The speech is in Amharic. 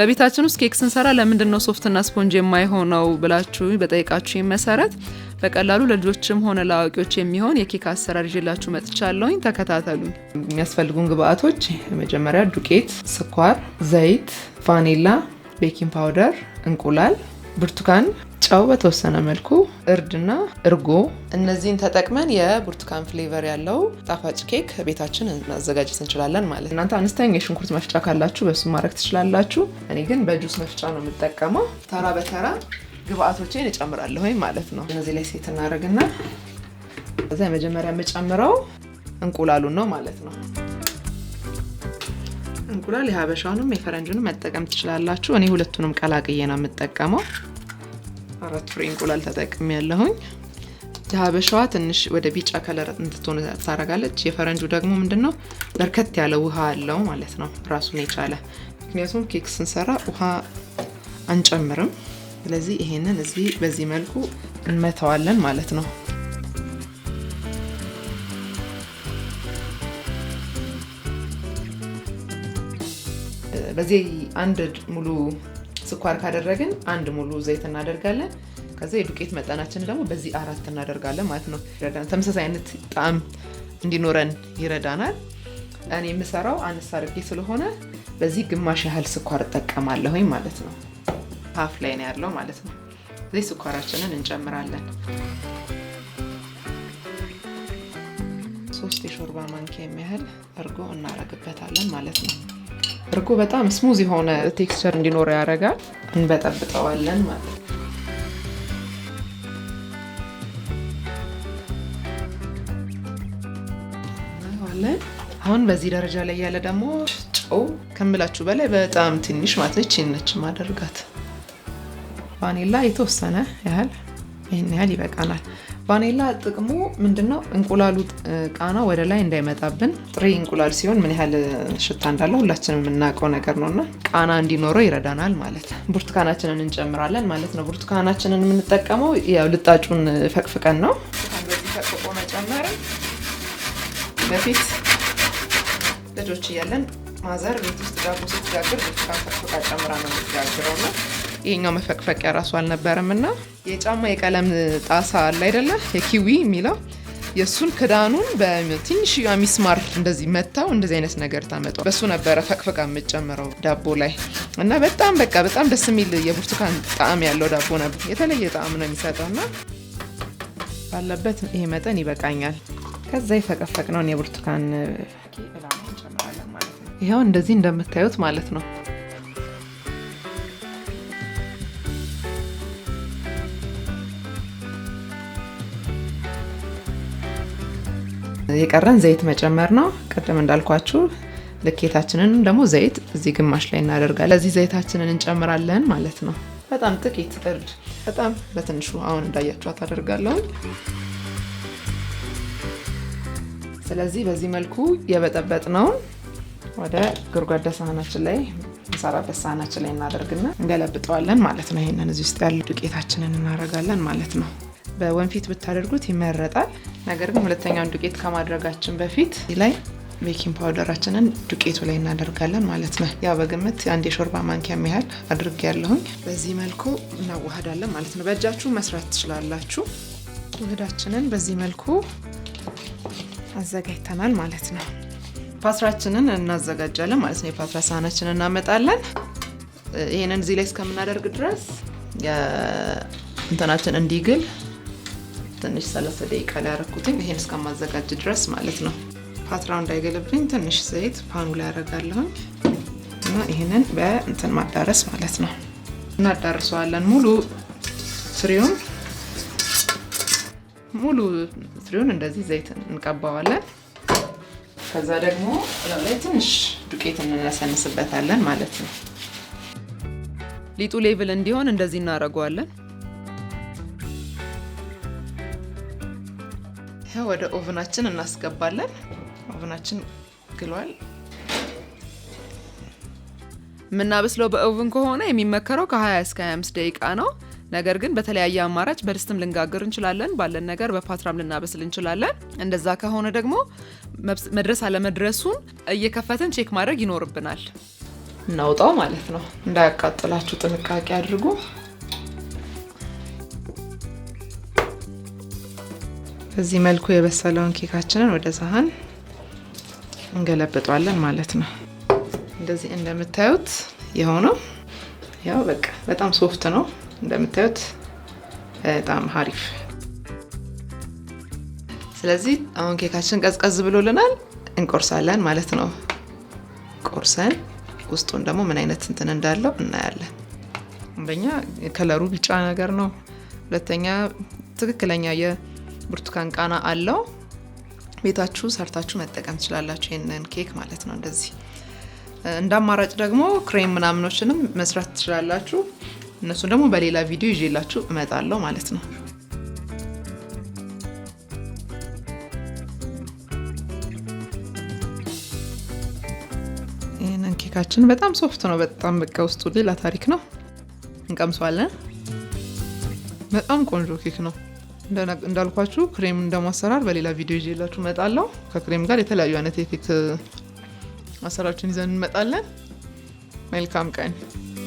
በቤታችን ውስጥ ኬክ ስንሰራ ለምንድን ነው ሶፍትና ስፖንጅ የማይሆነው ብላችሁ በጠይቃችሁ መሰረት በቀላሉ ለልጆችም ሆነ ለአዋቂዎች የሚሆን የኬክ አሰራር ይዤላችሁ መጥቻለሁኝ። ተከታተሉኝ። የሚያስፈልጉን ግብአቶች የመጀመሪያ ዱቄት፣ ስኳር፣ ዘይት፣ ቫኒላ፣ ቤኪንግ ፓውደር፣ እንቁላል፣ ብርቱካን ጨው በተወሰነ መልኩ፣ እርድና እርጎ እነዚህን ተጠቅመን የብርቱካን ፍሌቨር ያለው ጣፋጭ ኬክ ቤታችን ማዘጋጀት እንችላለን ማለት እናንተ አነስተኛ የሽንኩርት መፍጫ ካላችሁ በሱ ማድረግ ትችላላችሁ። እኔ ግን በጁስ መፍጫ ነው የምጠቀመው። ተራ በተራ ግብአቶችን እጨምራለሁ ማለት ነው። እነዚህ ላይ ሴት እናደርግና እዛ የመጀመሪያ የምጨምረው እንቁላሉን ነው ማለት ነው። እንቁላል የሀበሻውንም የፈረንጁንም መጠቀም ትችላላችሁ። እኔ ሁለቱንም ቀላቅዬ ነው የምጠቀመው። አራት ፍሬ እንቁላል ተጠቅም ያለሁኝ። የሀበሻዋ ትንሽ ወደ ቢጫ ከለር እንድትሆን ታረጋለች። የፈረንጁ ደግሞ ምንድን ነው በርከት ያለ ውሃ አለው ማለት ነው ራሱን የቻለ ምክንያቱም ኬክ ስንሰራ ውሃ አንጨምርም። ስለዚህ ይሄንን እዚህ በዚህ መልኩ እንመተዋለን ማለት ነው። በዚህ አንድ ሙሉ ስኳር ካደረግን አንድ ሙሉ ዘይት እናደርጋለን። ከዚያ የዱቄት መጠናችን ደግሞ በዚህ አራት እናደርጋለን ማለት ነው። ተመሳሳይ አይነት ጣም እንዲኖረን ይረዳናል። እኔ የምሰራው አነስ ስለሆነ በዚህ ግማሽ ያህል ስኳር እጠቀማለሁኝ ማለት ነው። ሀፍ ላይ ነው ያለው ማለት ነው። እዚህ ስኳራችንን እንጨምራለን። ሶስት የሾርባ ማንኪያ የሚያህል እርጎ እናረግበታለን ማለት ነው። እርጎ በጣም ስሙዝ የሆነ ቴክስቸር እንዲኖረው ያደርጋል። እንበጠብጠዋለን ማለት ነው። አሁን በዚህ ደረጃ ላይ ያለ ደግሞ ጨው ከምላችሁ በላይ በጣም ትንሽ ማለት ነች። ነች ማደርጋት ቫኒላ የተወሰነ ያህል ይህን ያህል ይበቃናል። ቫኔላ ጥቅሙ ምንድነው? እንቁላሉ ቃና ወደ ላይ እንዳይመጣብን ጥሬ እንቁላል ሲሆን ምን ያህል ሽታ እንዳለው ሁላችንም የምናውቀው ነገር ነውና ቃና እንዲኖረው ይረዳናል ማለት ብርቱካናችንን እንጨምራለን ማለት ነው። ብርቱካናችንን የምንጠቀመው ያው ልጣጩን ፈቅፍቀን ነው። ፈቅፍቆ መጨመር በፊት ልጆች እያለን ማዘር ቤት ውስጥ ዳቦ ስትጋግር ብርቱካን ፈቅፍቃ ጨምራ ነው የምትጋግረው። ይሄኛው መፈቅፈቂያ ራሱ አልነበረም እና የጫማ የቀለም ጣሳ አለ አይደለ? የኪዊ የሚለው የእሱን ክዳኑን በትንሽ ሚስማር እንደዚህ መታው እንደዚህ አይነት ነገር ታመጠ በሱ ነበረ ፈቅፈቃ የምጨምረው ዳቦ ላይ እና በጣም በቃ በጣም ደስ የሚል የብርቱካን ጣዕም ያለው ዳቦ ነበር። የተለየ ጣዕም ነው የሚሰጠው እና ባለበት ይሄ መጠን ይበቃኛል። ከዛ የፈቀፈቅ ነውን የብርቱካን ይኸው እንደዚህ እንደምታዩት ማለት ነው። የቀረን ዘይት መጨመር ነው። ቀደም እንዳልኳችሁ ልኬታችንን ደግሞ ዘይት እዚህ ግማሽ ላይ እናደርጋለን። ለዚህ ዘይታችንን እንጨምራለን ማለት ነው። በጣም ጥቂት እርድ፣ በጣም በትንሹ አሁን እንዳያችኋት አደርጋለሁ። ስለዚህ በዚህ መልኩ የበጠበጥ ነው ወደ ጎድጓዳ ሳህናችን ላይ የምንሰራበት ሳህናችን ላይ እናደርግና እንገለብጠዋለን ማለት ነው። ይህንን እዚህ ውስጥ ያለ ዱቄታችንን እናደርጋለን ማለት ነው። በወንፊት ብታደርጉት ይመረጣል። ነገር ግን ሁለተኛውን ዱቄት ከማድረጋችን በፊት ላይ ቤኪንግ ፓውደራችንን ዱቄቱ ላይ እናደርጋለን ማለት ነው። ያው በግምት አንድ የሾርባ ማንኪያ የሚያህል አድርግ ያለሁኝ በዚህ መልኩ እናዋህዳለን ማለት ነው። በእጃችሁ መስራት ትችላላችሁ። ውህዳችንን በዚህ መልኩ አዘጋጅተናል ማለት ነው። ፓትራችንን እናዘጋጃለን ማለት ነው። የፓትራ ሳህናችንን እናመጣለን። ይህንን እዚህ ላይ እስከምናደርግ ድረስ እንትናችን እንዲግል ትንሽ 30 ደቂቃ ላይ ያረኩትኝ ይሄን እስከማዘጋጅ ድረስ ማለት ነው። ፓትራው እንዳይገለብኝ ትንሽ ዘይት ፓኑ ላይ ያረጋለሁኝ እና ይህንን በእንትን ማዳረስ ማለት ነው። እናዳርሰዋለን ሙሉ ፍሬውን ሙሉ ትሪውን እንደዚህ ዘይት እንቀባዋለን። ከዛ ደግሞ ላይ ትንሽ ዱቄት እንነሰንስበታለን ማለት ነው። ሊጡ ሌቭል እንዲሆን እንደዚህ እናደርገዋለን። ወደ ኦቭናችን እናስገባለን። ኦቭናችን ግሏል። የምናበስለው በኦቭን ከሆነ የሚመከረው ከ20 እስከ 25 ደቂቃ ነው። ነገር ግን በተለያየ አማራጭ በድስትም ልንጋግር እንችላለን። ባለን ነገር በፓትራም ልናበስል እንችላለን። እንደዛ ከሆነ ደግሞ መድረስ አለመድረሱን እየከፈትን ቼክ ማድረግ ይኖርብናል። እናውጣው ማለት ነው። እንዳያቃጥላችሁ ጥንቃቄ አድርጉ። በዚህ መልኩ የበሰለውን ኬካችንን ወደ ሳህን እንገለብጠዋለን ማለት ነው። እንደዚህ እንደምታዩት የሆነው ያው በቃ በጣም ሶፍት ነው እንደምታዩት በጣም ሀሪፍ። ስለዚህ አሁን ኬካችን ቀዝቀዝ ብሎልናል፣ እንቆርሳለን ማለት ነው። ቆርሰን ውስጡን ደግሞ ምን አይነት እንትን እንዳለው እናያለን። አንደኛ ከለሩ ቢጫ ነገር ነው። ሁለተኛ ትክክለኛ ብርቱካን ቃና አለው። ቤታችሁ ሰርታችሁ መጠቀም ትችላላችሁ፣ ይህንን ኬክ ማለት ነው። እንደዚህ እንደ አማራጭ ደግሞ ክሬም ምናምኖችንም መስራት ትችላላችሁ። እነሱ ደግሞ በሌላ ቪዲዮ ይዤላችሁ እመጣለሁ ማለት ነው። ይህንን ኬካችን በጣም ሶፍት ነው። በጣም በቃ ውስጡ ሌላ ታሪክ ነው። እንቀምሰዋለን። በጣም ቆንጆ ኬክ ነው። እንዳልኳችሁ ክሬም እንደማሰራር በሌላ ቪዲዮ ይዤላችሁ እመጣለሁ። ከክሬም ጋር የተለያዩ አይነት የኬክ አሰራሮችን ይዘን እንመጣለን። መልካም ቀን